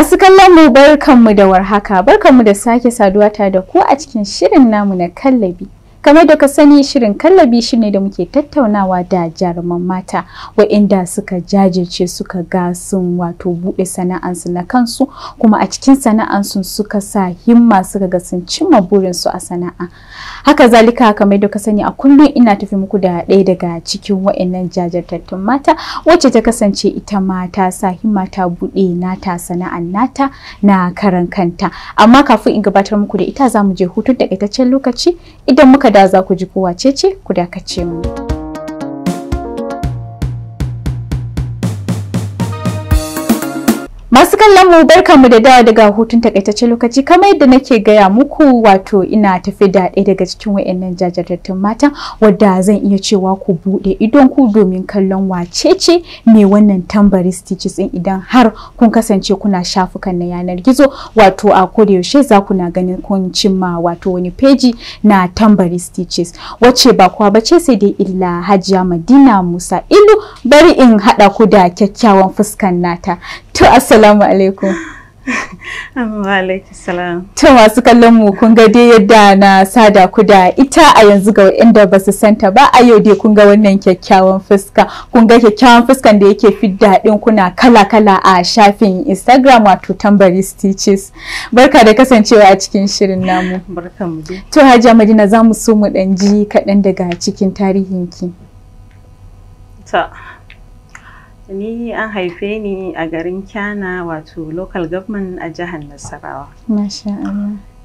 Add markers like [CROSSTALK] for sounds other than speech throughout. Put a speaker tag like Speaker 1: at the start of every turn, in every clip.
Speaker 1: Masu kallon mu barkanmu da warhaka, barkanmu da sake saduwa ta da ku a cikin shirin namu na kallabi. kamar da ka sani shirin kallabi shi ne da muke tattaunawa da jaruman mata waɗanda suka jajirce suka ga sun wato buɗe sana'ansu na kansu kuma a cikin sana'ansu suka sa himma suka ga sun cimma burinsu a sana'a haka zalika kamar da ka sani a kullum ina tafi muku da ɗaya daga cikin waɗannan jajirtattun mata wacce ta kasance ita ma ta sa himma ta buɗe nata sana'an nata na karan kanta amma kafin in gabatar muku da ita za mu je hutun takaitaccen lokaci idan muka da za ku ji kowace wacece ku dakace mu. Masu kallon mu barkanmu da dawa daga hutun takaitaccen lokaci kamar yadda nake gaya muku wato ina tafi da ɗaya daga cikin wayannan jajirtattun mata wadda zan iya cewa ku buɗe idon ku domin kallon wacece mai wannan tambari stitches din idan har kun kasance kuna shafukan na yanar gizo wato a koda yaushe za ku na ganin kun cimma wato wani peji na tambari stitches wacce ba kuwa bace sai dai illa Hajiya Madina Musa Ilu bari in hada ku da kyakkyawan fuskan nata to assalamu Assalamu alaikum.
Speaker 2: [LAUGHS] To
Speaker 1: masu kallon mu kun ga dai yadda na sada ku da ita a yanzu ga waɗanda ba su santa ba a yau dai kun ga wannan kyakkyawan fuska kun ga kyakkyawan fuskan da yake fidda daɗin kuna kala kala a shafin Instagram wato tambari stitches barka da kasancewa a cikin shirin namu to Hajiya Madina za mu so mu ɗan ji kaɗan daga cikin tarihinki
Speaker 2: ta Ni an haife ni a garin Kyana wato local government a jihar Nasarawa.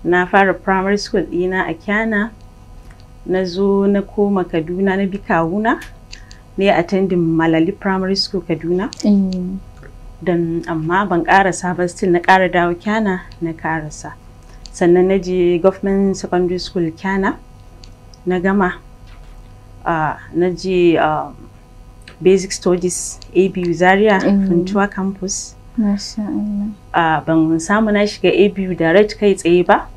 Speaker 2: Na fara primary school ɗina a Kyana. Na zo na koma Kaduna na bi kawuna. Ne attending Malali primary school Kaduna. Don amma ban sa ba still na kara dawo Kyana na ƙarasa. Sannan na je government secondary school Kyana. Na gama. Ah, na je um, basic studies abu zaria eh. funtuwa campus ban samu na shiga abu direct kai tsaye ba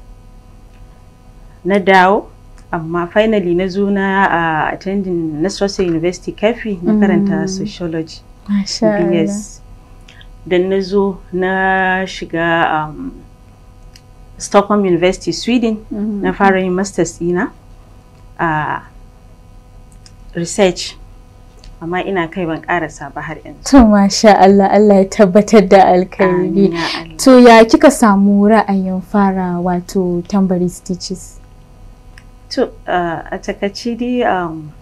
Speaker 2: na dawo amma finally na zo na a attending na University Kefi na karanta mm. sociology. yes Dan na zo na shiga um, Stockholm University Sweden mm. na fara yin masters dina a research amma ina kai ban karasa ba har yanzu.
Speaker 1: To masha Allah Allah ya tabbatar da alkhairi. To ya kika samu ra'ayin fara wato tambari stitches?
Speaker 2: To a takaici dai um,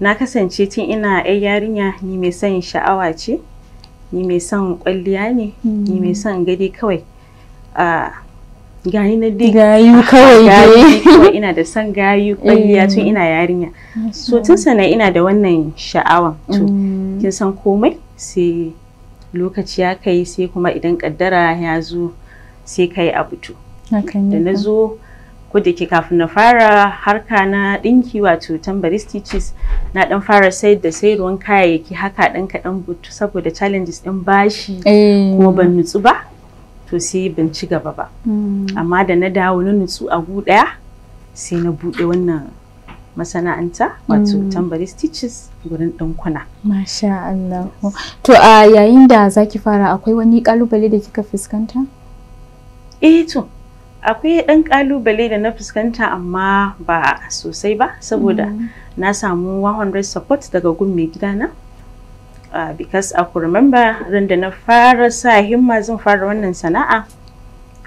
Speaker 2: na kasance tun ina yan yarinya ni mai son sha'awa ce, ni mai son kwalliya ne, hmm. ni mai son gadi kawai. gayi na dai gayu ah, kawai dai ina da san gayu kwalliya eh. tun ina yarinya so tun sana ina da wannan sha'awa to mm. kin san komai sai lokaci ya kai sai kuma idan kaddara ya zo sai kai abu to
Speaker 1: da na
Speaker 2: zo ko da ke kafin na fara harka na dinki wato tambari stitches na dan fara sayar da sayarwan kayayyaki haka dan butu saboda challenges din bashi eh. kuma ban nutsu ba to sai ban ci gaba ba mm. amma da na dawo na nutsu a gu daya sai na bude wannan masana'anta wato mm. tambari stitches gurin ɗinkuna.
Speaker 1: Masha Allah. To a yayin da zaki fara akwai wani kalubale da kika fuskanta? Eh to
Speaker 2: akwai ɗan kalubale da na fuskanta amma ba sosai ba saboda mm. na samu 100 support daga gun mai gidana. uh, because I could remember ran da na fara sa himma zan fara wannan sana'a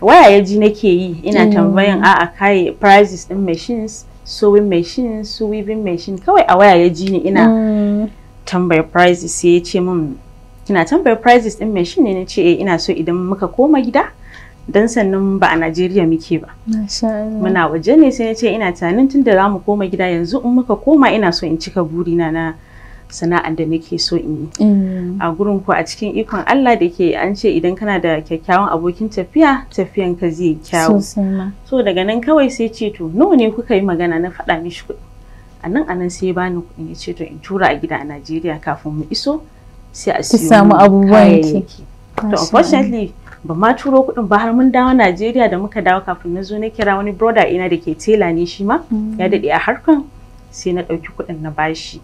Speaker 2: waya ji nake yi ina mm. tambayan a'a kai prices din machines sewing machines su weaving machine kawai a waya ji ni ina mm. tambaya prices sai ya ce min kina tambaya prices din machine ne ce eh, ina so idan muka koma gida dan sannan ba a Najeriya muke ba. Muna waje ne sai ya ce ina tunanin tun da za mu koma gida yanzu in muka koma ina so in cika burina na sana'ar da nake so in yi mm. a gurin ku a cikin ikon Allah da ke an ce idan kana da kyakkyawan abokin tafiya tafiyan ka zai kyawu so daga nan kawai sai ce to nawa ne kuka yi magana na faɗa mishi kuɗi a nan a nan sai bani kuɗi ya ce to in tura a gida a Najeriya kafin mu iso sai a siyo samu abubuwan
Speaker 1: ki to unfortunately
Speaker 2: ba ma turo kuɗin ba har mun dawo Najeriya da muka dawo kafin na zo na kira wani brother ina da ke tela ne shi ma ya mm. daɗe a harkan sai na ɗauki kuɗin na bashi.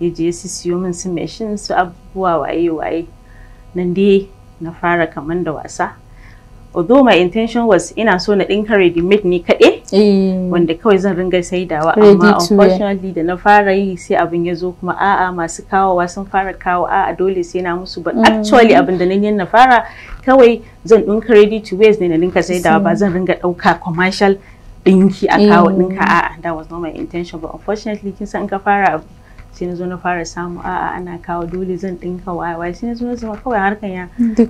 Speaker 2: ya je su siyo min su mashin su abubuwa waye waye nan dai na fara kaman da wasa although my intention was ina so na ɗinka ready made ni kaɗai eh. wanda kawai zan ringa saidawa amma unfortunately da na fara yi sai abin ya zo kuma a'a masu kawowa sun fara kawo a'a dole sai na musu but mm. actually abin da nan na fara kawai zan ɗinka ready to wear ne na ɗinka saidawa ba zan ringa ɗauka commercial ɗinki a kawo eh. dinka a'a that was not my intention but unfortunately kin san ka fara sai na zo na fara samu a'a ana kawo dole zan dinka waya sai na zo na zama kawai harkan ya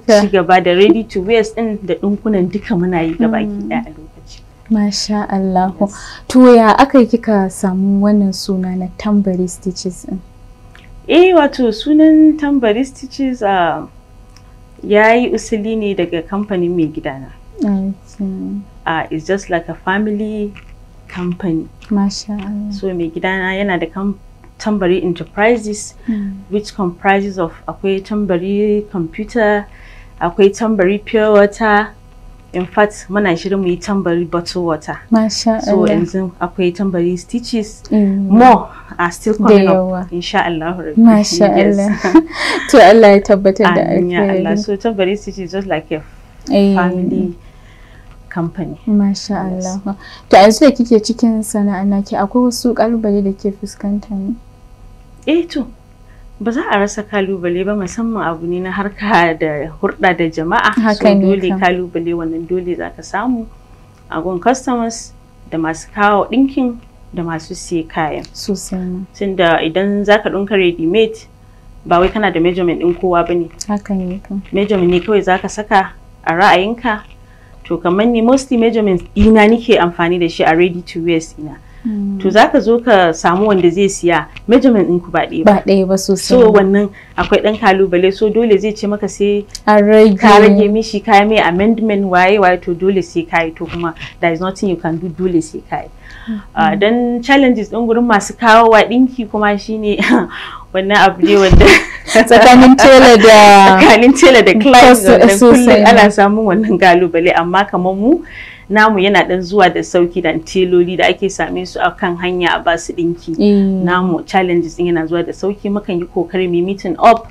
Speaker 2: ci gaba da ready to wear din da dinkunan duka muna yi gaba ki daya mm. a lokaci
Speaker 1: masha Allah to ya aka kika samu wannan suna na tambari stitches din
Speaker 2: eh wato sunan tambari stitches ah, a yayi usuli ne daga kamfanin mai gidana uh, ah, it's just like a family company.
Speaker 1: Masha Allah.
Speaker 2: So mai gidana yana da kamfani Tambari Enterprises, mm. which comprises of akwai Tambari Computer, akwai Tambari Pure Water, in fact muna shirin mu yi tambari bottle water
Speaker 1: Masha so yanzu
Speaker 2: akwai tambari stitches mm. more are still coming up insha Allah Masha Allah
Speaker 1: [LAUGHS] to Allah ya tabbatar da alheri Allah so
Speaker 2: tambari stitches just like a
Speaker 1: family company Masha Allah to yanzu da kike cikin sana'a naki akwai wasu kalubale da ke fuskanta ne eh to
Speaker 2: ba za a rasa kalubale ba musamman abu ne na harka da hurda da jama'a so dole kalubale wannan dole za ka samu a gun customers da masu kawo ɗinkin da masu siye kayan sosai da idan za ka ɗinka ready made ba wai kana da measurement ɗin kowa ba ne measurement ne kawai za ka saka a ra'ayinka to kamar ni mostly measurement ina nike amfani da shi a ready to wear ina to zaka zo ka samu wanda zai siya measurement ɗinku ba ɗaya ba ɗaya
Speaker 1: ba sosai so wannan
Speaker 2: akwai ɗan kalubale so dole zai ce maka sai ka rage mishi ka mai amendment waye waye to dole sai kai to kuma there is nothing you can do dole sai kai mm-hmm. ah, dan challenges ɗin gurin masu kawo wa ɗinki kuma shine [LAUGHS] wannan abu ne wanda [LAUGHS] tsakanin tela da [LAUGHS] tsakanin tela da client wannan ana samun wannan kalubale amma kamar mu namu yana dan zuwa da sauki dan teloli da ake same su a kan hanya a basu dinki eh. namu challenges din yana zuwa da sauki mukan yi kokari mu meeting up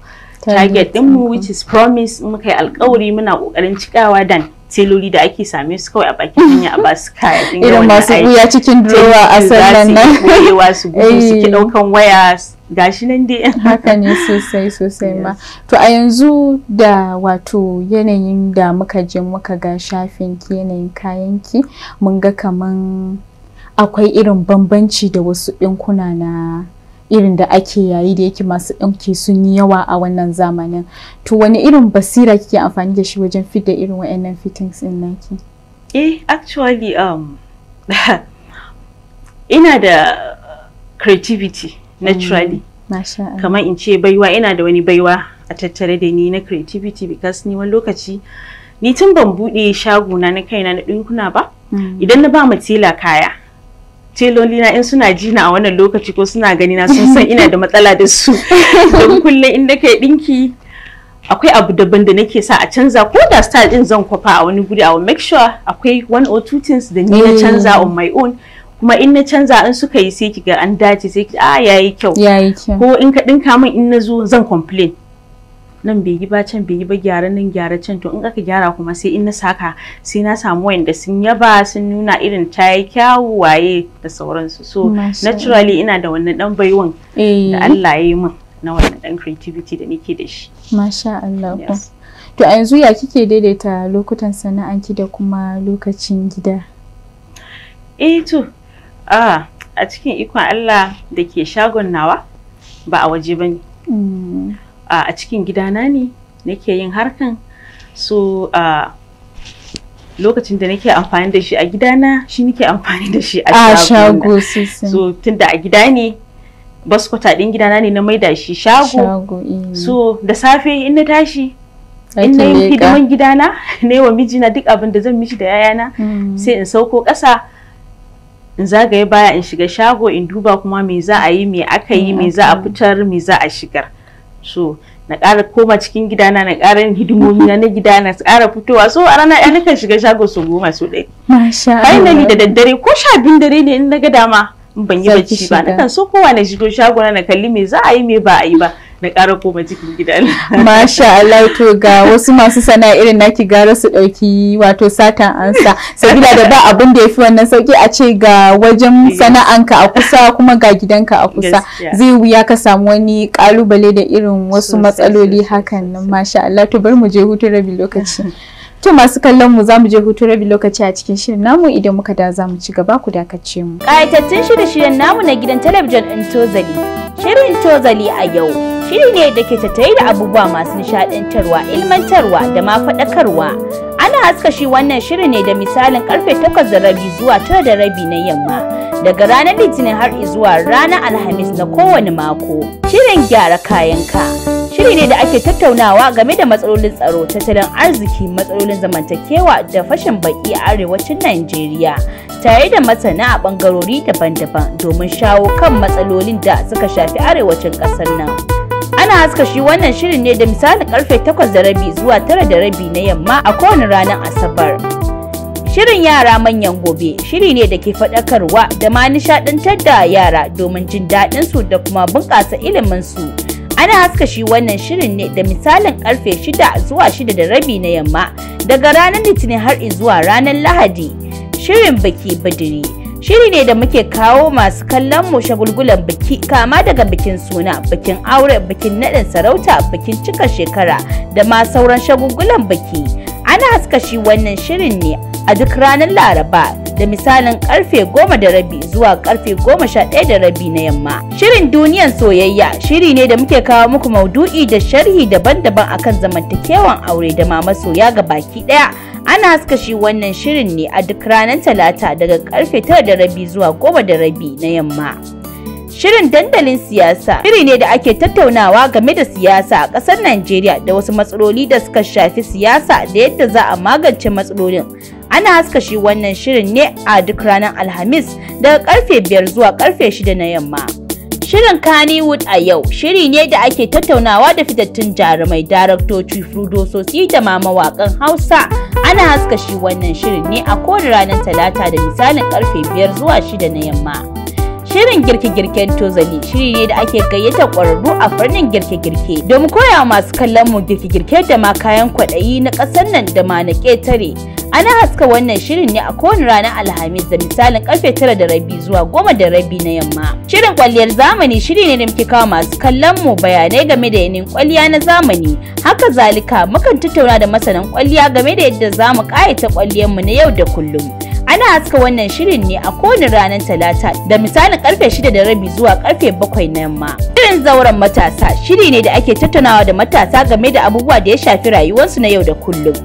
Speaker 2: target ɗinmu which is promise muka yi alkawari muna kokarin cikawa dan teloli da ake same su kawai a bakin hanya a basu [LAUGHS] kaya irin masu iya cikin drawer a sannan nan su gudu su ki daukan eh. waya
Speaker 1: gashi nan dai [LAUGHS] haka ne sosai sosai ma to a yanzu da wato yanayin da muka je muka ga shafin ki yanayin kayan ki mun ga kaman akwai irin bambanci da wasu ɗinkuna na irin da ake yayi da yake masu ɗinki sun yi yawa a wannan zamanin to wani irin basira kike amfani da shi wajen fidda irin wa'annan fittings din naki
Speaker 2: eh actually um [LAUGHS] ina da creativity naturally
Speaker 1: mm, kamar
Speaker 2: in ce baiwa ina da wani baiwa a tattare da ni na creativity because ni wani lokaci ni tun ban bude shaguna na kaina na ɗinkuna ba mm. idan na ba tela kaya teloli na in suna jina a wannan lokaci ko suna gani na sun san ina da matsala da su [LAUGHS] don kullum in na kai dinki akwai abu daban da nake sa a canza ko da style din zan kwafa a wani guri a make sure akwai one or two things da ni na mm. canza on my own kuma in na canza in suka yi sai kiga an dace sai ki a ah, yayi kyau yayi kyau ko in ka dinka min in na zo zan complain nan bai yi ba can bai yi ba gyara nan gyara can to in aka gyara kuma sai in na saka sai na samu wanda sun yaba sun nuna irin ta yi kyawu waye da sauransu so naturally ina da wannan dan baiwan
Speaker 1: da eh. Allah
Speaker 2: ya yi min na wannan dan creativity da nake da shi
Speaker 1: masha Allah to a yanzu ya kike daidaita lokutan sana'anki da kuma lokacin gida
Speaker 2: eh to a a cikin ikon Allah da ke shagon nawa ba a waje ba ne
Speaker 1: mm.
Speaker 2: a cikin gidana ne nake yin harkan so a lokacin da nake amfani da shi a gidana shi nake amfani da shi a shago so tunda a gida ne baskwata din gidana ne na maida shi shago eh. so da safe in na tashi in na yi hidiman gidana [LAUGHS] na yi wa mijina duk abin da zan mishi da yayana mm. sai in sauko ƙasa in zagaye baya in shiga shago in duba kuma me za a yi me aka yi me za a mm. fitar me za a shigar so na ƙara koma cikin gidana na ƙara yin hidimomi na gida na ƙara fitowa so a rana ɗaya kan shiga shago su goma su ɗaya.
Speaker 1: Masha Allah. da
Speaker 2: daddare ko sha biyun dare ne in na ga dama ban yi bacci ba na kan so kowa na shigo shago na kalli me za a yi me ba a yi ba na ƙara koma cikin gida [LAUGHS]
Speaker 1: masha Allah to ga wasu masu sana irin naki gara su ɗauki wato satan ansa sabila da ba abin da ya fi wannan sauki a ce ga wajen sana'anka a kusa kuma ga gidanka a kusa zai wuya ka samu wani ƙalubale da irin wasu matsaloli hakan nan masha Allah to bari mu je hutun rabi lokaci To masu kallon mu za mu je hutu rabi lokaci a cikin shirin namu idan muka da za mu ci gaba ku dakace mu.
Speaker 3: Ƙayatattun shirye-shiryen namu na gidan talabijin ɗin Shirin Tozali a yau. shiri ne da ke tattare da abubuwa masu nishadantarwa ilmantarwa da ma faɗakarwa ana haska shi wannan shiri ne da misalin karfe takwas da rabi zuwa tara da rabi na yamma daga ranar litinin har zuwa ranar alhamis na kowane mako shirin gyara kayanka shiri ne da ake tattaunawa game da matsalolin tsaro tattalin arziki matsalolin zamantakewa da fashin baki a arewacin najeriya tare da masana a bangarori daban-daban domin shawo kan matsalolin da suka shafi arewacin ƙasar nan. Ana haska shi wannan shirin ne da misalin karfe 8 da rabi zuwa 9 da rabi na yamma a kowane ranar Asabar. Shirin yara manyan gobe shiri ne da ke faɗakarwa da ma nishaɗantar da yara domin jin daɗin su da kuma bunƙasa ilimin su. Ana haska shi wannan shirin ne da misalin karfe 6 zuwa 6 da rabi na yamma daga ranar Litinin har zuwa ranar Lahadi. Shirin biki bidiri. Shiri ne da muke kawo masu kallon mu shagulgulan biki kama daga bikin suna, bikin aure, bikin naɗin sarauta, bikin cika shekara da ma sauran shagulgulan biki. Ana haska shi wannan shirin ne a duk ranar Laraba da misalin karfe goma da rabi zuwa karfe goma sha ɗaya da rabi na yamma. Shirin duniyan soyayya shiri ne da muke kawo muku maudu'i da sharhi daban-daban akan zamantakewan aure da ma masoya ga baki ɗaya. Ana haska shi wannan shirin ne a duk ranar Talata daga karfe tara da rabi zuwa goma da rabi na yamma. Shirin dandalin siyasa shiri ne da ake tattaunawa game da siyasa a ƙasar Najeriya da wasu matsaloli da suka shafi siyasa da yadda za a magance matsalolin. Ana haska shi wannan shirin ne a duk ranar Alhamis daga karfe biyar zuwa karfe shida na yamma. Shirin Kannywood a yau shiri ne da ake tattaunawa da fitattun jarumai daraktoci furodososi da ma mawaƙan Hausa. Ana haska shi wannan shirin ne a kowane ranar Talata da misalin karfe biyar zuwa shida na yamma. Shirin girke-girken tozali shiri ne da ake gayyatar ƙwararru a fannin girke-girke domin koya masu kallon mu girke-girke da ma kayan kwaɗayi na ƙasar nan da ma na ƙetare. Ana haska wannan shirin ne a kowane ranar Alhamis da misalin karfe tara da rabi zuwa goma da rabi na yamma. Shirin kwalliyar zamani shiri ne da muke kawo masu kallon mu bayanai game da yanayin kwalliya na zamani. Haka zalika mukan tattauna da masanan kwalliya game da yadda za mu kayata kwalliyar mu na yau da kullum. Ana haska wannan shirin ne a kowane ranar Talata da misalin karfe shida da rabi zuwa karfe bakwai na yamma. Shirin zauren matasa shiri ne da ake tattaunawa da matasa game da abubuwa da ya shafi rayuwarsu na yau da kullum.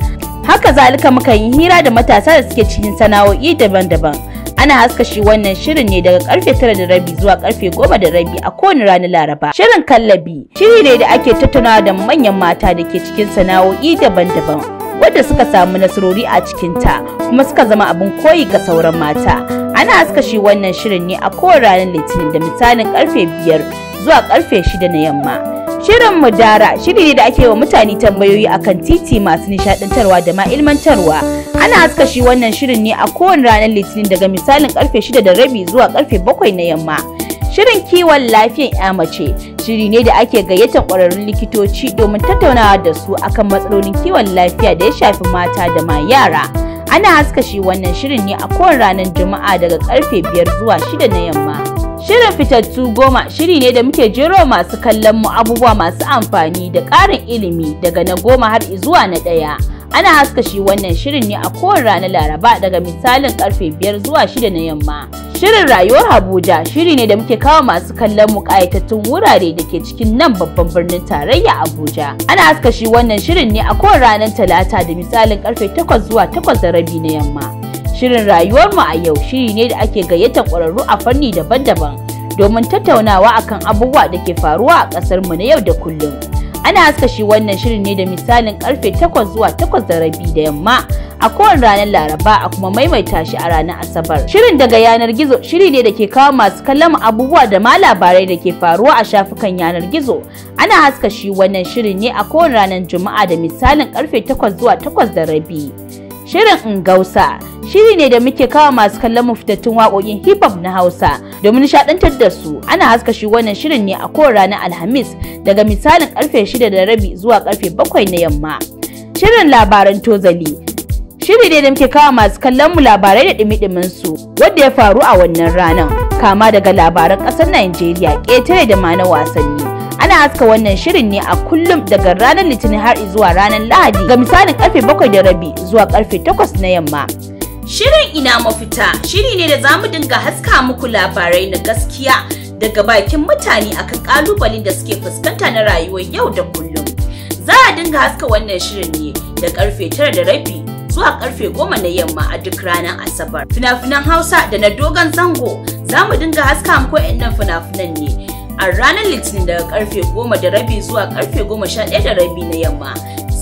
Speaker 3: haka zalika muka yi hira da matasa da suke cikin sana'o'i daban-daban ana haska shi wannan shirin ne daga karfe tara da rabi zuwa karfe goma da rabi a kowane ranar laraba shirin kallabi shiri ne da ake tattaunawa da manyan mata da ke cikin sana'o'i daban-daban wadda suka samu nasarori a cikin ta kuma suka zama abin koyi ga sauran mata ana haska shi wannan shirin ne a kowane ranar litinin da misalin karfe biyar zuwa karfe shida na yamma Shirin Mudara shiri ne da ake wa mutane tambayoyi akan titi masu nishaɗantarwa da ma ilmantarwa. Ana haska shi wannan shirin ne a kowane ranar Litinin daga misalin karfe 6 da rabi zuwa karfe bakwai na yamma. Shirin kiwon lafiyan ya mace shiri ne da ake gayyatar ƙwararrun likitoci domin tattaunawa da su akan matsalolin kiwon lafiya da ya shafi mata da ma yara. Ana haska shi wannan shirin ne a kowane ranar Juma'a daga karfe biyar zuwa shida na yamma. Shirin fitattu goma shiri ne da muke jero masu kallon mu abubuwa masu amfani da ƙarin ilimi daga na goma har zuwa na ɗaya. Ana haska shi wannan shirin ne a kowane ranar Laraba daga misalin karfe biyar zuwa shida na yamma. Shirin rayuwar Abuja shiri ne da muke kawo masu kallon mu ƙayatattun wurare da ke cikin nan babban birnin tarayya Abuja. Ana haska shi wannan shirin ne a kowane ranar Talata da misalin karfe takwas zuwa takwas da rabi na yamma. Shirin rayuwarmu a yau shiri ne da ake gayyata ƙwararru a fanni daban-daban domin tattaunawa akan abubuwa da ke faruwa a ƙasarmu na yau da kullum. Ana haska shi wannan shirin ne da misalin karfe 8 zuwa 8 da rabi da yamma a kowane ranar Laraba a kuma maimaita shi a ranar Asabar. Shirin daga yanar gizo shiri ne da ke kawo masu kallon abubuwa da ma labarai da ke faruwa a shafukan yanar gizo. Ana haska shi wannan shirin ne a kowane ranar Juma'a da misalin karfe 8 zuwa 8 da rabi. Shirin in Gausa shiri ne da muke kawo masu kallon mu fitattun waƙoƙin hip hop na Hausa domin nishaɗantar da su. Ana haska shi wannan shirin ne a kowace ranar Alhamis daga misalin karfe 6 da rabi zuwa karfe 7 na yamma. Shirin labaran tozali shiri ne da muke kawo masu kallon mu labarai da ɗimi su wanda ya faru a wannan ranar kama daga labaran ƙasar Najeriya ƙetare da ma na wasanni. ana aska wannan shirin ne a kullum daga ranar litinin har zuwa ranar lahadi ga misalin karfe bakwai da rabi zuwa karfe takwas na yamma shirin ina mafita shiri ne da zamu dinga haska muku labarai na gaskiya daga bakin mutane akan kalubalen da suke fuskanta na rayuwar yau da kullum za a dinga haska wannan shirin ne da karfe tara da rabi zuwa karfe goma na yamma a duk ranar asabar fina-finan hausa da na dogon zango za mu dinga haska muku 'yan fina-finan ne a ranar litinin daga karfe goma da rabi zuwa karfe goma sha ɗaya da rabi na yamma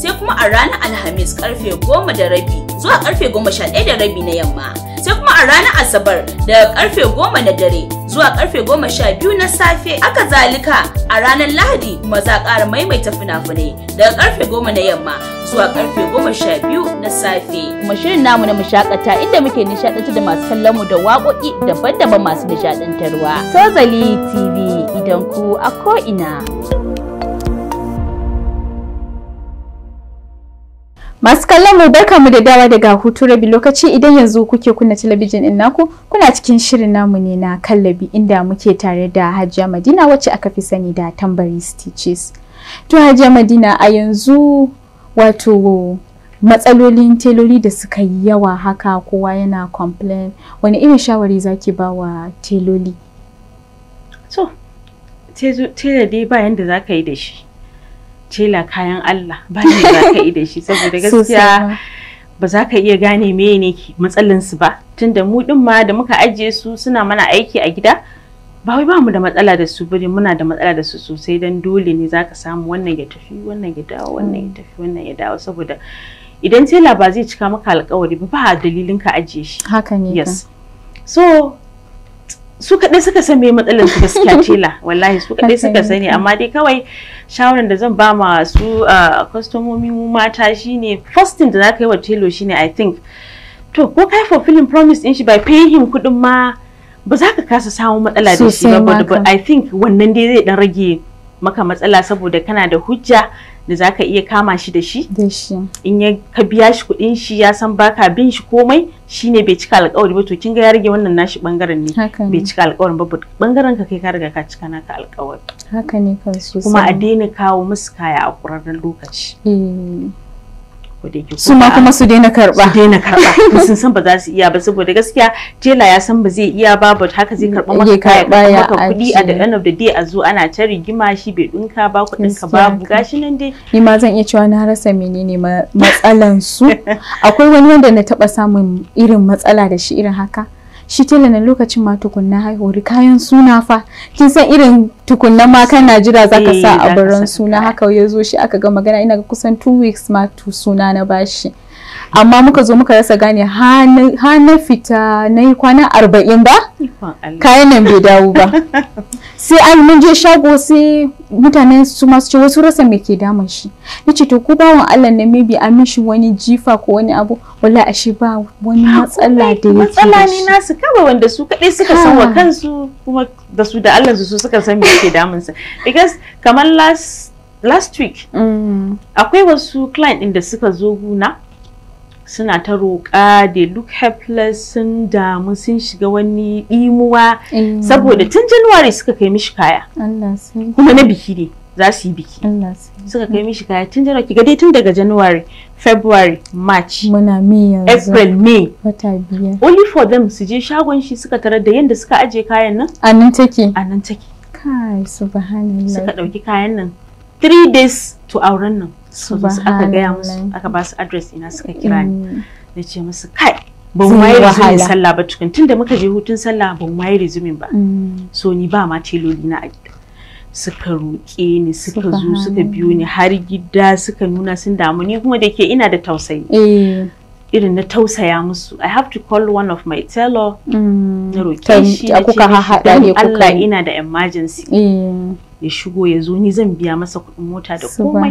Speaker 3: sai kuma a ranar alhamis karfe goma da rabi zuwa karfe goma sha ɗaya da rabi na yamma sai kuma a ranar asabar daga karfe goma na dare zuwa karfe goma sha biyu na safe aka zalika a ranar lahadi kuma za a ƙara maimaita fina-finai daga karfe goma na yamma zuwa karfe goma sha biyu na safe kuma shirin namu na mashakata inda muke nishadantar da masu kallon mu da waƙoƙi daban-daban masu nishadantarwa tozali tv idan ku a ko'ina
Speaker 1: Masu kallon mu barka mu da dawa daga hutu rabi lokaci idan yanzu kuke kunna talabijin din naku kuna cikin shirin namu ne na kallabi inda muke tare da Hajiya Madina wacce aka fi sani da tambari stitches. To Hajiya Madina a yanzu wato matsalolin teloli da suka yi yawa haka kowa yana complain wani irin shawari zaki ba wa teloli?
Speaker 2: So, dai ba za yi da shi. tela kayan Allah ba ne za ka yi da shi saboda [LAUGHS] gaskiya ba za ka iya gane meye ne matsalin su ba tunda mu din ma da muka ajiye su suna mana aiki a gida ba wai ba mu da matsala da su bane muna da matsala da su sosai dan dole ne za ka samu wannan ya tafi wannan ya dawo wannan ya tafi wannan ya dawo saboda idan tela ba zai cika maka alkawari ba ba dalilin ka ajiye shi haka so su kaɗai suka san me matsalar su gaskiya [LAUGHS] tela wallahi su kaɗai suka sani amma dai kawai shawaran da zan ba ma su kwastomomi mu mata shine first thing da za ka yi wa telo shine i think to ko kai fulfilling promise din shi by paying him kuɗin ma ba za ka kasa samun matsala da shi ba but i think wannan dai zai dan rage maka matsala saboda kana da hujja da za ka iya kama shi da shi in ya ka biya shi kuɗin shi ya san baka bin shi komai shi ne bai cika alkawari ba to kin ga ya rage wannan nashi bangaren ne bai cika alkawarin ba bangaren ka kai ka riga ka cika naka alƙawari
Speaker 1: haka ne kuma a
Speaker 2: daina kawo musu kaya a ƙurarren lokaci
Speaker 1: eh.
Speaker 2: su kuma su daina
Speaker 1: karba su daina
Speaker 2: karba [LAUGHS] sun san ba za su iya ba saboda gaskiya jela ya san ba zai iya ba but haka zai karba maka kaya maka kuɗi a the end of the day a zo ana ta rigima shi bai dinka ba kuɗin ka
Speaker 1: gashi nan dai ni ma zan iya cewa na rasa menene matsalan su [LAUGHS] akwai wani wanda na taba samun irin matsala da shi irin haka shi tela na lokacin ma tukunna haihuwar kayan suna fa kin san irin tukunna ma kana jira zaka sa eh, a buran suna haka ya shi aka ga magana ina ga kusan 2 weeks ma tu suna na bashi amma muka zo muka rasa gane ha na fita na yi kwana arba'in ba kayan nan bai dawo ba [LAUGHS] sai an mun je shago sai mutane su masu ce wasu rasa me ke damun shi ya ce to ko bawan Allah na maybe an mishi wani jifa ko wani abu wala ashe ba wani matsala da yake matsala ne
Speaker 2: nasu kawai wanda su kadai suka san wa kansu kuma da su da Allah su suka san me ke damun sa because kamar last last week mm. akwai wasu client din da suka zo guna suna ta roƙa they look helpless sun damu sun shiga wani ɗimuwa saboda tun january suka kai mishi kaya kuma na biki ne za su yi biki suka kai mishi kaya tun january kiga dai tun daga january february march april may only for them su je shagon shi suka tarar da yadda suka aje kayan nan
Speaker 1: a nan take a nan take kai subhanallah suka
Speaker 2: ɗauki kayan nan
Speaker 1: three days
Speaker 2: to auren nan su aka gaya musu aka ba su address ina suka kira ni na ce musu kai
Speaker 1: ban waye resumin sallah
Speaker 2: ba tukun tunda muka je hutun sallah ban waye resumin ba mm. so ni ba ma teloli na a gida suka roƙe ni suka zo suka biyo ni har gida suka nuna sun damu ni kuma da ke ina da tausayi eh. irin na tausaya musu i have to call one of my tailor
Speaker 1: mm. na roƙe shi da ce Allah ina
Speaker 2: da emergency eh. ya shigo ya zo ni zan biya masa kuɗin mota da komai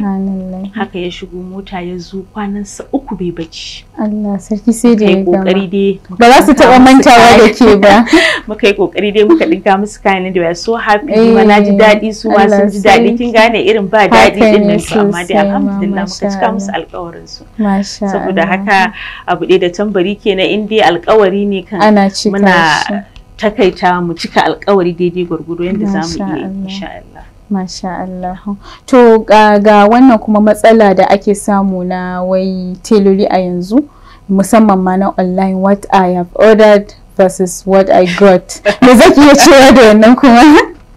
Speaker 2: haka ya shigo mota ya zo kwanan sa uku bai bacci
Speaker 1: Allah sarki sai da ya kokari dai ba za su taba mantawa da ke ba
Speaker 2: [LAUGHS] muka yi kokari dai muka dinka musu kayan da ya so happy ma na ji eh, daɗi su ma sun ji daɗi kin gane irin ba daɗi din nan su amma dai alhamdulillah muka cika musu alƙawarin su saboda haka abu ɗaya da tambari kenan in dai alƙawari ne kan muna takaita mu cika alkawari daidai gwargwado yadda za mu iya insha Allah.
Speaker 1: Masha Allah. To ga wannan kuma matsala da ake samu na wai teloli a yanzu musamman ma na online what I have ordered versus what I got. Me
Speaker 2: zaki iya cewa da wannan kuma?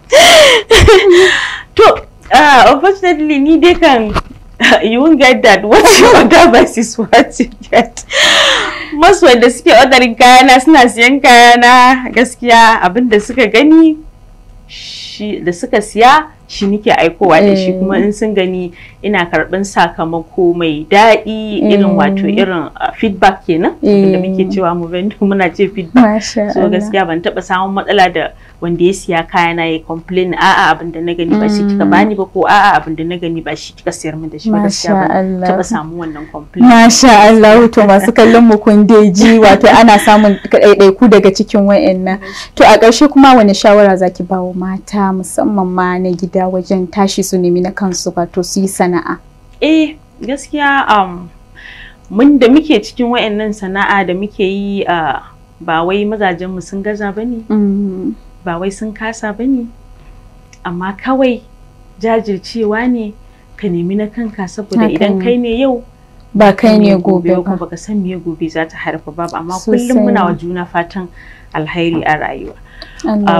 Speaker 1: [LAUGHS] To,
Speaker 2: ah, unfortunately ni dai kan [LAUGHS] you won't get that what [LAUGHS] you order is what you get most when the wanda suke ordering kayana suna siyan kayana gaskiya abinda suka gani shi da suka siya shi nike aikowa da shi kuma mm. in sun gani ina karɓin sakamako mai daɗi irin mm. wato irin uh, feedback kenan da muke mm. cewa mu [LAUGHS] muna ce feedback so gaskiya ban taɓa samun matsala da wanda ya siya kayana ya complain a'a abin da na gani ba shi kika bani ba ko a'a abin da na gani ba shi kika sayar min da shi ba gaskiya ban taɓa samu wannan
Speaker 1: complain masha Allah to masu kallon mu kun ji wato ana samun ɗaiɗaiku daga cikin wayannan to a ƙarshe kuma wani shawara zaki bawo mata musamman ma na gida gida wajen tashi su nemi na kansu wato su yi sana'a
Speaker 2: eh gaskiya um, mun da muke cikin wayannan sana'a da muke yi uh, ba wai mu sun gaza ba ne
Speaker 1: mm.
Speaker 2: ba wai sun kasa ba ne amma kawai jajircewa ne ka nemi na kanka saboda idan kai ne yau
Speaker 1: ba kai ne gobe
Speaker 2: ba baka san me gobe za ta haifa ba amma kullum muna wa juna fatan alhairi a rayuwa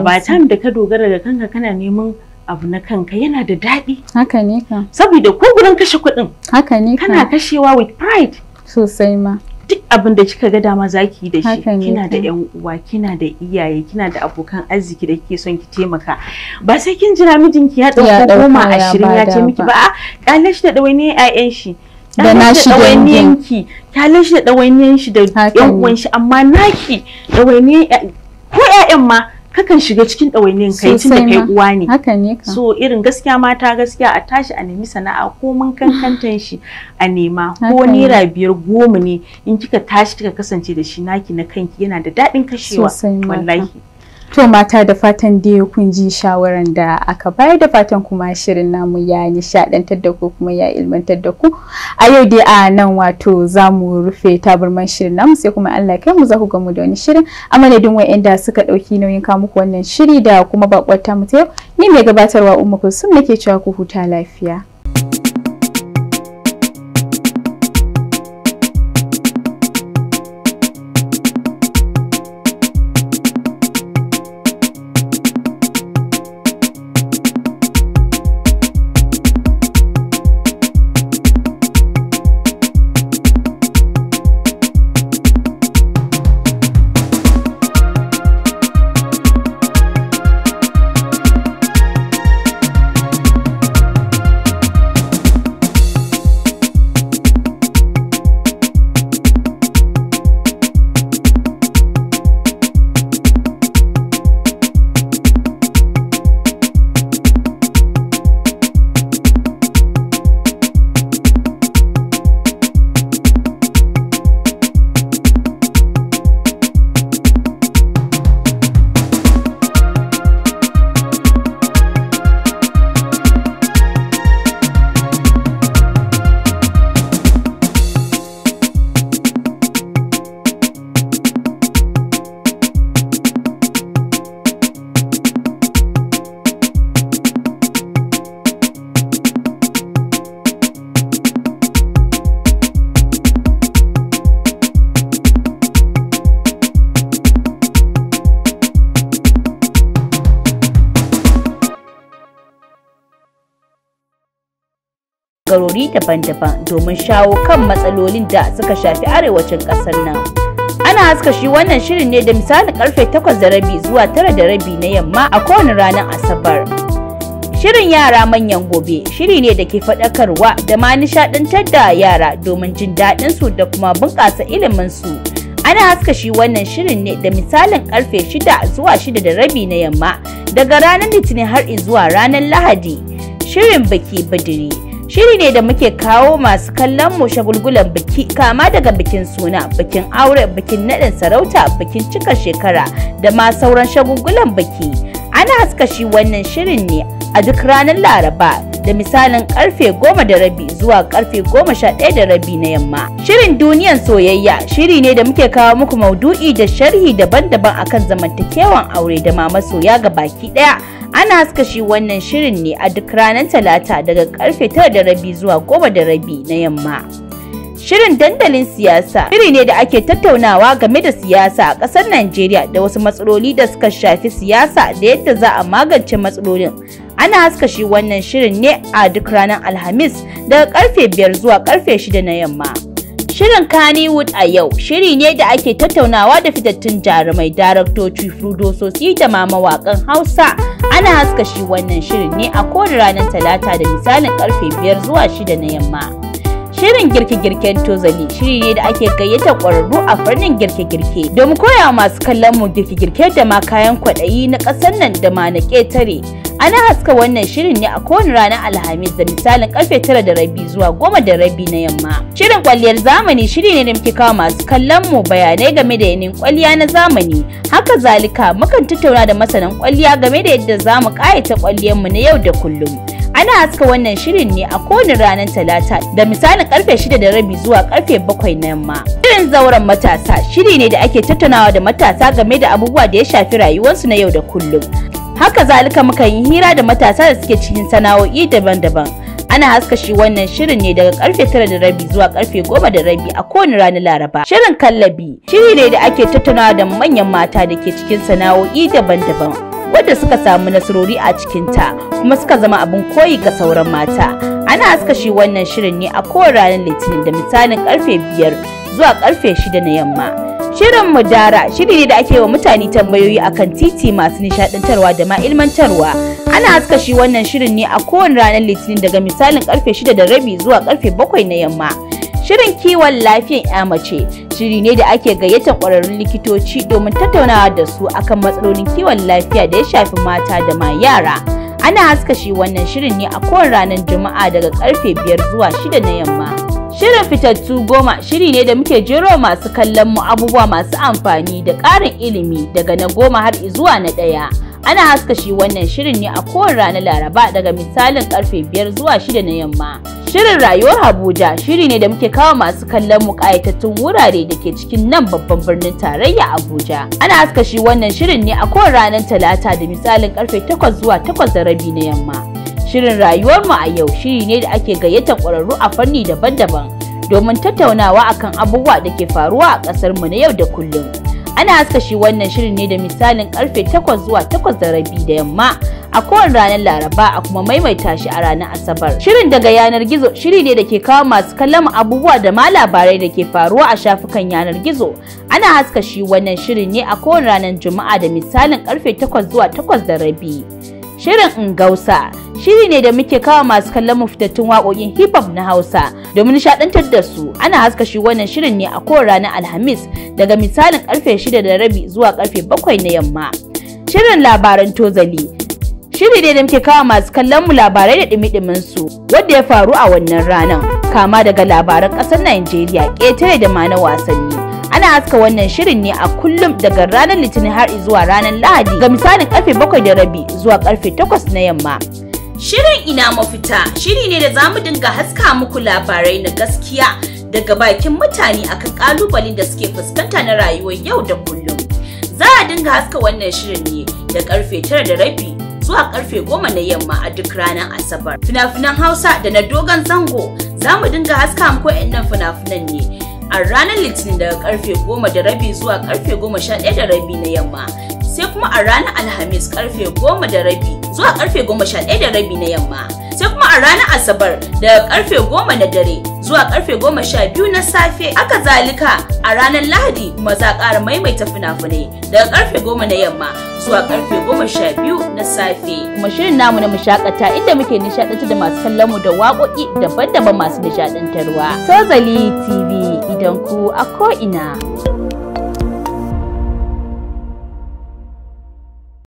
Speaker 2: ba uh, time da ka dogara da kanka kana neman abu na kanka yana da daɗi.
Speaker 1: Haka ne ka.
Speaker 2: Saboda ko gurin kashe kuɗin.
Speaker 1: Haka ne ka. Kana kashewa with pride. Sosai ma.
Speaker 2: Duk abin da kika ga dama za ki yi da shi. Kina da ƴan uwa, kina da iyaye, kina da abokan arziki da kike son ki taimaka. Ba sai kin jira mijinki ya ɗauko goma ashirin ya ce miki ba. Ƙale shi da ɗawainiyar 'ya'yan shi. da na shi da yanki kyalin shi da ɗawainiyan shi da ƴan uwan shi amma naki ɗawainiyan ko ƴaƴan ma kakan shiga cikin ɗawainiyar kai tun da kai uwa ne so irin gaskiya mata gaskiya a tashi a nemi sana'a ko mun kankantan shi a nema ko naira biyar goma ne in kika tashi kika kasance da shi naki na kanki yana da daɗin kashewa wallahi
Speaker 1: To mata da fatan dai kun ji shawaran da aka bayar da fatan kuma shirin namu ya nishadantar da ku kuma ya ilmantar da ku. A yau dai a nan wato za mu rufe taburman shirin namu sai kuma Allah kai mu za ku ga da wani shirin a madadin wa'anda suka ɗauki nauyin ka wannan shiri da kuma bakwata mu ta yau ni mai gabatarwa Umma Kulsum nake cewa ku huta lafiya.
Speaker 3: ɓangarori daban-daban domin shawo kan matsalolin da suka shafi arewacin ƙasar nan. Ana haska shi wannan shirin ne da misalin karfe 8 da rabi zuwa 9 da rabi na yamma a kowane ranar Asabar. Shirin yara manyan gobe shiri ne da ke faɗakarwa da ma nishaɗantar da yara domin jin daɗin su da kuma bunƙasa ilimin su. Ana haska shi wannan shirin ne da misalin karfe 6 zuwa 6 da rabi na yamma daga ranar Litinin har zuwa ranar Lahadi. Shirin biki bidiri Shiri ne da muke kawo masu kallon mu shagulgulan biki kama daga bikin suna, bikin aure, bikin naɗin sarauta, bikin cika shekara da ma sauran shagulgulan biki. Ana haska shi wannan shirin ne a duk ranar Laraba da misalin karfe goma da rabi zuwa karfe goma sha ɗaya da rabi na yamma. Shirin duniyan soyayya shiri ne da muke kawo muku maudu'i da sharhi daban-daban akan zamantakewan aure da ma masoya ga baki ɗaya. Ana haska shi wannan shirin ne a duk ranar Talata daga karfe tara da rabi zuwa goma da rabi na yamma. Shirin dandalin siyasa shiri ne da ake tattaunawa game da siyasa a ƙasar Najeriya da wasu matsaloli da suka shafi siyasa da yadda za a magance matsalolin. Ana haska shi wannan shirin ne a duk ranar Alhamis daga karfe biyar zuwa karfe shida na yamma. Shirin Kannywood a yau shiri ne da ake tattaunawa da fitattun jarumai daraktoci frudososi da ma mawaƙan Hausa. Ana haska shi wannan shirin ne a kowane ranar Talata da misalin karfe biyar zuwa shida na yamma. Shirin girke-girken tozali shiri ne da ake gayyata ƙwararru a fannin girke-girke domin koya masu kallon mu girke-girke da ma kayan kwaɗayi na ƙasar nan da ma na ƙetare. Ana haska wannan shirin ne a kowane ranar Alhamis da misalin karfe tara da rabi zuwa goma da rabi na yamma. Shirin kwalliyar zamani shiri ne da muke kawo masu kallon mu bayanai game da yanayin kwalliya na zamani. Haka zalika mukan tattauna da masanan kwalliya game da yadda za mu kayata kwalliyar mu na yau da kullum. Ana haska wannan shirin ne a kowane ranar Talata da misalin karfe shida da rabi zuwa karfe bakwai na yamma. Shirin zauren matasa shiri ne da ake tattaunawa da matasa game da abubuwa da ya shafi rayuwarsu na yau da kullum. haka zalika muka yi hira da matasa da suke cikin sana'o'i daban-daban ana haska shi wannan shirin ne daga karfe tara da rabi zuwa karfe goma da rabi a kowane ranar laraba shirin kallabi shiri ne da ake tattaunawa da manyan mata da ke cikin sana'o'i daban-daban wadda suka samu nasarori a cikin ta kuma suka zama abin koyi ga sauran mata ana haska shi wannan shirin ne a kowane ranar litinin da misalin karfe biyar zuwa karfe shida na yamma Shirin Mujara shiri ne da ake wa mutane tambayoyi akan titi masu nishaɗantarwa da ma ilmantarwa. Ana haska shi wannan shirin ne a kowane ranar Litinin daga misalin karfe shida da rabi zuwa karfe bakwai na yamma. Shirin kiwon lafiyan ya mace shiri ne da ake gayyatar ƙwararrun likitoci domin tattaunawa da su akan matsalolin kiwon lafiya da ya shafi mata da ma yara. Ana haska shi wannan shirin ne a kowane ranar Juma'a daga karfe biyar zuwa shida na yamma. Shirin fitattu goma shiri ne da muke jero masu kallon mu abubuwa masu amfani da ƙarin ilimi daga na goma har zuwa na ɗaya. Ana haska shi wannan shirin ne a kowane ranar Laraba daga misalin karfe biyar zuwa shida na yamma. Shirin rayuwar Abuja shiri ne da muke kawo masu kallon mu ƙayatattun wurare da ke cikin nan babban birnin tarayya Abuja. Ana haska shi wannan shirin ne a kowane ranar Talata da misalin karfe takwas zuwa takwas da rabi na yamma. Shirin rayuwarmu a yau shiri ne da ake gayyatar ƙwararru a fanni daban-daban domin tattaunawa akan abubuwa da ke faruwa a ƙasar mu na yau da kullum. Ana haska shi wannan shirin ne da misalin karfe 8 zuwa 8 da rabi da yamma a kowane ranar Laraba a kuma maimaita shi a ranar Asabar. Shirin daga yanar gizo shiri ne da ke kawo masu kallon abubuwa da ma labarai da ke faruwa a shafukan yanar gizo. Ana haska shi wannan shirin ne a kowane ranar Juma'a da misalin karfe 8 zuwa 8 da rabi. Shirin Ngausa shiri ne da muke kawo masu kallon mafitattun waƙoƙin hip hop na Hausa domin nishaɗantar da su. Ana haska shi wannan shirin ne a kowace ranar Alhamis daga misalin karfe 6 da rabi zuwa karfe 7 na yamma. Shirin labaran tozali shiri ne da muke kawo masu kallon mu labarai da ɗimi su wanda ya faru a wannan ranar kama daga labaran ƙasar Najeriya ƙetare da ma na wasanni. ana haska wannan shirin ne a kullum daga ranar litinin har zuwa ranar lahadi ga misalin karfe 7 da rabi zuwa karfe 8 na yamma Shirin ina mafita shiri ne da zamu dinga haska muku labarai na gaskiya daga bakin mutane akan kalubalen da suke fuskanta na rayuwar yau da kullum. Za a dinga haska wannan shirin ne da karfe tara da rabi zuwa karfe goma na yamma a duk ranar Asabar. Fina-finan Hausa da na dogon zango za mu dinga haska muku nan fina-finan ne a ranar Litinin daga karfe goma da rabi zuwa karfe goma sha ɗaya da rabi na yamma. sai kuma a ranar Alhamis karfe goma da rabi zuwa karfe goma sha ɗaya da rabi na yamma. Sai kuma a ranar Asabar daga karfe goma na dare zuwa karfe goma sha biyu na safe. Aka zalika a ranar Lahadi kuma za a ƙara maimaita fina-finai daga karfe goma na yamma zuwa karfe goma sha biyu na safe. Kuma shirin namu na mashakata inda muke nishaɗanta da masu kallon mu da waƙoƙi daban-daban masu nishaɗantarwa. Tozali TV idan ku a ko'ina.